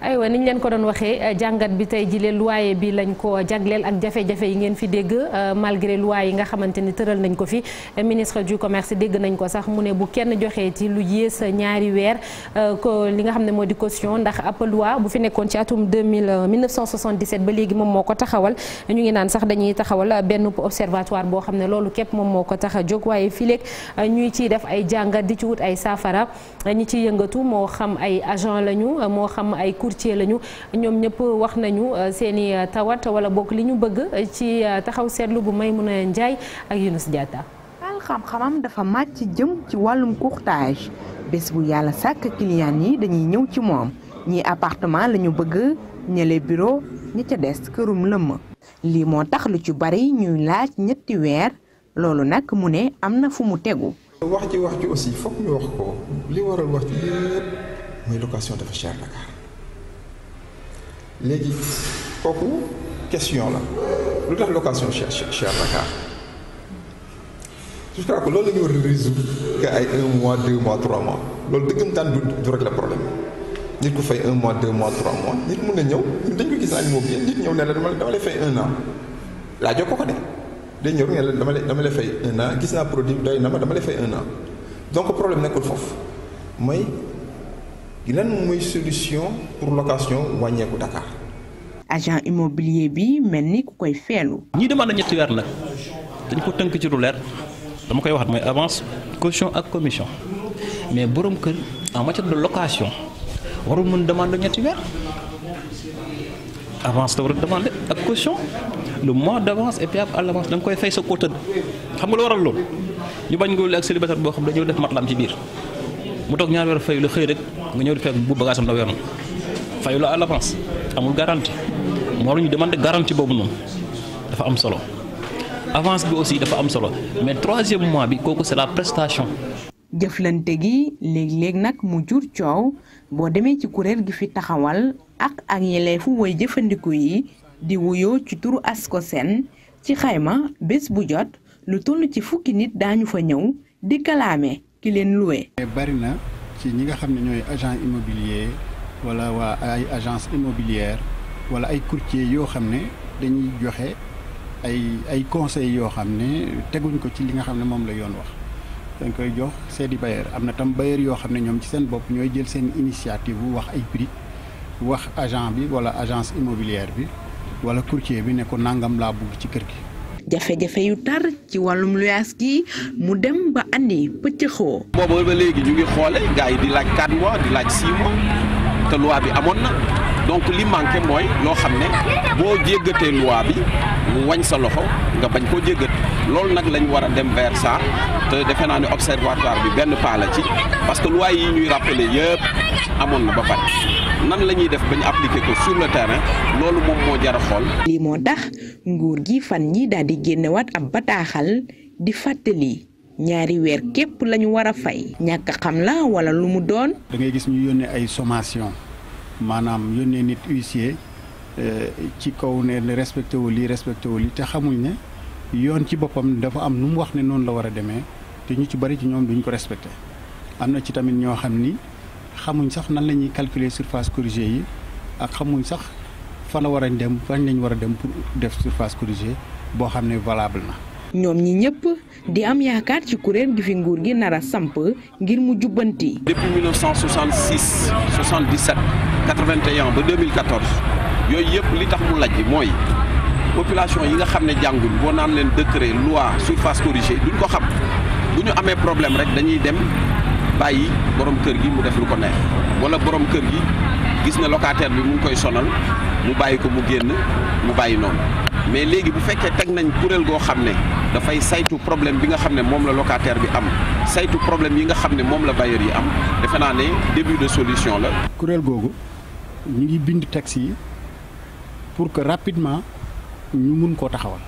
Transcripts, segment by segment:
aywa niñ leen ko doon waxee euh, jàngat bi tey jile loyer bi lañ ko jagleel ak jafe-jafe yi ngeen fi dégg euh, malgré loi yi nga xamante ni tëral nañ ko fi ministre du commerce dégg nañ ko sax mu ne bu kenn joxee ci lu yées ñaari weer euh, ko li nga xam ne moo di caution ndax ab loi bu fi nekkoon ci atum 2000 1977 ba léegi moom moo ko taxawal ñu ngi naan sax dañuy taxawal benn observatoire boo xam ne loolu képp moom moo ko tax a jóg waaye fileeg ñuy ciy def ay jàngat di ci wut ay saafara ci yëngatu moo xam ay agent lañu moo xam ay courtier lañu ñoom ñëpp wax nañu euh, seeni i euh, tawat wala bokk li ñu bëgg euh, ci taxaw seetlu bu Maimouna Ndiaye ak Younous Diatta al xam-xamam dafa màcc jëm ci wàllum courtage bés bu yàlla sàkk client yi dañuy ñëw ci moom ñii apartement lañu bëgg ñële bureau ñi ca des kërum lëmm lii moo tax lu ci bari ñuy laaj ñetti weer loolu nag mu ne am na fu mu tegu. wax ji wax ji aussi foog ñu wax ko li waral wax ji yëpp mooy location dafa cher Dakar. léegi kooku question la lu tax location cher cher Dakar je crois que loolu la ñu war a résoudre nga ay un mois deux mois trois mois loolu dëggantaan du du régler problème nit ko fay un mois de mois trois mois nit mun na ñëw ñun dañ ko gis moom immobilier nit ñëw ne la dama dama lay fay un an laajoo ko ko de day ñëw ne la dama lay dama lay fay un an gis naa produit doy na ma dama lay fay un an donc problème nekkul foofu mooy. lan mooy solution pour location wàññeeku Dakar. agent immobilier bi mel ni ku koy feelu. ñii demande ñetti weer nag dañ ko tënk ci lu leer dama koy waxat mooy avance caution ak commission mais borom kër en matière de location warul mën demande ñetti weer avance la war a demandé ak caution le mois d' avance et puis à l' avance da nga koy fay sa kóotën xam nga lu waral loolu ñu bañ nga ak célibataire boo xam dañoo def matlam ci biir. mu toog ñaar weer fayu la xëy rek nga ñëw di fekk bu bagage am la weeroon fayu amul garantie moo la ñu demandé garantie boobu noonu dafa am solo avance bi aussi dafa am solo mais troisième mois bi kooku c'est la prestation. jëflante gi léegi léeg nag mu jur coow boo demee ci kuréel gi fi taxawal ak ak yeleefu way jëfandiku yi di wuyoo ci turu ASCOSEN ci xayma bés bu jot lu toll ci fukki nit daañu fa ñëw di kalaame kileen leen loué. bari na ci ñi nga xam ne ñooy agent immobilier wala waa ay agence immobilière wala ay courtier yoo xam ne dañuy joxe ay ay conseils yoo xam ne teguñ ko ci li nga xam ne moom la yoon wax dañ koy jox seeni bailleur am na tam bailleur yoo xam ne ñoom ci seen bopp ñooy jël seen initiative wax ay prix wax agent bi wala agence immobilière bi wala courtier bi ne ko nangam laa bugg ci kër gi. jafe-jafe yu tar ci wàllum luyaas gi mu dem ba andi pëccëxoo. boobu ba léegi ñu ngi xoole gars yi di laaj 4 mois di laaj 6 mois te loi bi amoon na donc li manqué mooy loo xam ne boo jéggatee loi bi mu wañ sa loxo nga bañ koo jéggat loolu nag lañ war a dem vers ça te defe naa ne observatoire bi benn pas la ci parce que loi yi ñuy rappelé yëpp amoon na ba pare. nan la ñuy def bañ ñu appliquer ko sur le terrain loolu moom moo jar a xool. lii moo tax nguur gi fan ñi daal di génnewaat ab bataaxal di fàttali ñaari weer képp lañu ñu war a fay. ñàkk xam la wala lu mu doon. da ngay gis ñu yónnee ay sommation maanaam yónnee nit huissier euh, ci kaw ne respecté wu lii respecté wu lii te xamuñ ne yoon ci boppam dafa am nu mu wax ne noonu la war a demee te ñu ci bari ci ñoom duñ ko respecté am na ci tamit ñoo xam ni. xamuñ sax nan la ñuy calculer surface corrigée yi ak xamuñ sax fana la war a dem fan lañ war a dem pour def surface corrigée boo xam ne valable na. ñoom ñi ñëpp di am yaakaar ci kuréel gi fi nguur gi nar a samp ngir mu jubbanti. depuis 1966 77 81 ba 2014 yooyu yëpp li tax mu lajj mooy population yi nga xam ne jàngul boo naan leen décret loi surface corrigée duñ ko xam bu ñu amee problème rek dañuy dem. bàyyi borom kër gi mu def lu ko neex wala borom kër gi gis na locataire bi mu koy sonal mu bàyyi ko mu génn mu bàyyi noonu mais léegi bu fekkee teg nañ kuréel goo xam ne dafay saytu problème bi nga xam ne moom la locataire bi am saytu problème yi nga xam ne moom la bailleur yi am defe naa ne début de solution la. kuréel googu ñu ngi bind texte yi pour que rapidement ñu mun koo taxawal.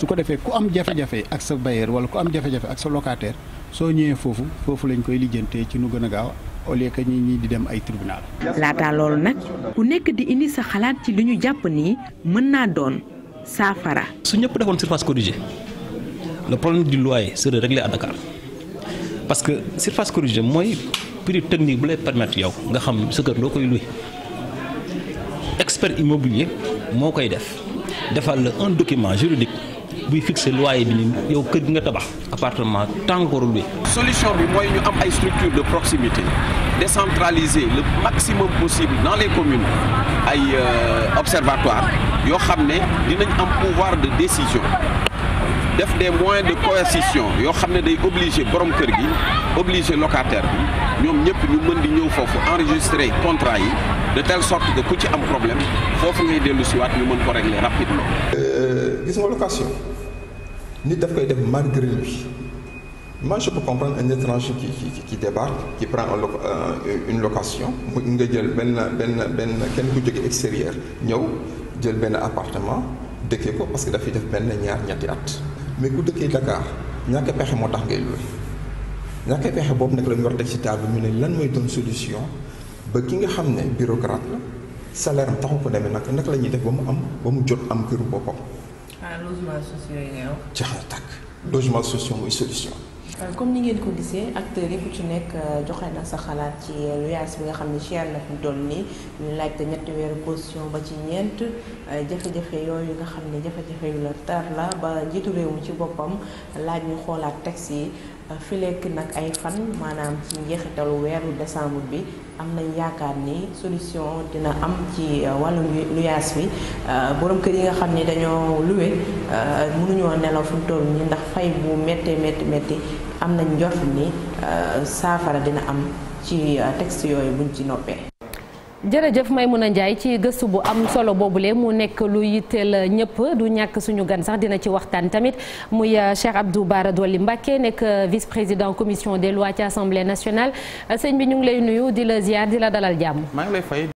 su ko defee ku am jafe-jafe ak sa bailleur wala ku am jafe-jafe ak sa locataire soo ñëwee foofu foofu lañ koy lijjantee ci nu gën a gaaw au lieu que ñi ñi di dem ay tribunal laata loolu nag ku nekk di indi sa xalaat ci li ñu jàpp nii mën naa doon saafara. su ñëpp defoon surface corrigée le problème du loyer serait réglé à Dakar parce que surface corrigée mooy prix technique bu lay permettre yow nga xam sa kër loo koy loué expert immobilier moo koy def defal la un document juridique. buy fixé waaye bi nii yow kër gi nga tabax appartement tant que warul solution bi mooy ñu am ay structures de proximité décentraliser le maximum possible dans les communes ay euh, observatoire yoo xam ne dinañ am pouvoir de décision def des moyens de coercition yoo xam ne day obligé borom kër gi obligé locataire bi ñoom ñëpp ñu mën di ñëw foofu enregistrer contrat yi de tele sort que ku ci am problème foofu ngay dellu si waat ñu mën ko régler rapidement. Euh, gis nga location nit daf koy def malgré lui moi je peux comprendre un étranger qui qui qui débarque qui prend un loc euh, une location mu nga jël benn benn benn kenn ku jóge extérieur ñëw jël benn appartement dëkkee ko parce que dafay def benn ñaar ñetti at. mais ku dëkkee Dakar ñàkk pexe moo tax ngay luwe ñàkk pexe boobu nag lañu ñu war teg ci bi ñu ne lan mooy doon solution ba ki nga xam ne bureaucrate la salaire taxu ko demee nag nag la ñuy def ba mu am ba mu jot am këru boppam. ah logements sociaux yi ngay wax. solution. Euh, comme ni ngeen ko gisee acteur yi ku ci nekk euh, joxe na sa xalaat ci luyaas euh, bi nga xam ne cher na ñu doon nii ñu laajte ñetti weeru position ba ci ñeent jafe-jafe yooyu nga xam ne jafe-jafe yu la tar la ba njiitu réew mi ci boppam laaj ñu xoolaat texte yi. fi lekk nag ay fan maanaam ci njeexitalu weeru décembre bi am nañ yaakaar ni solution dina am ci euh, wàllu luyaas bi euh, borom kër yi nga xam ni dañoo luwe euh, mënuñoo nelaw fi mu nii ndax fay bu méttee métti métti am nañ njort ni saafara dina am ci texte yooyu buñ ci noppee. jërëjëf may mun a Ndiaye ci gëstu bu am solo boobu boobule mu nekk lu yitteel ñëpp du ñàkk suñu gan sax dina ci waxtaan tamit muy euh, Cheikh Abdou Bara Dolly Mbacké nekk euh, vice président commission des lois ci assemblée nationale euh, sëñ bi ñu ngi lay nuyu di la ziar di la dalal jàmm.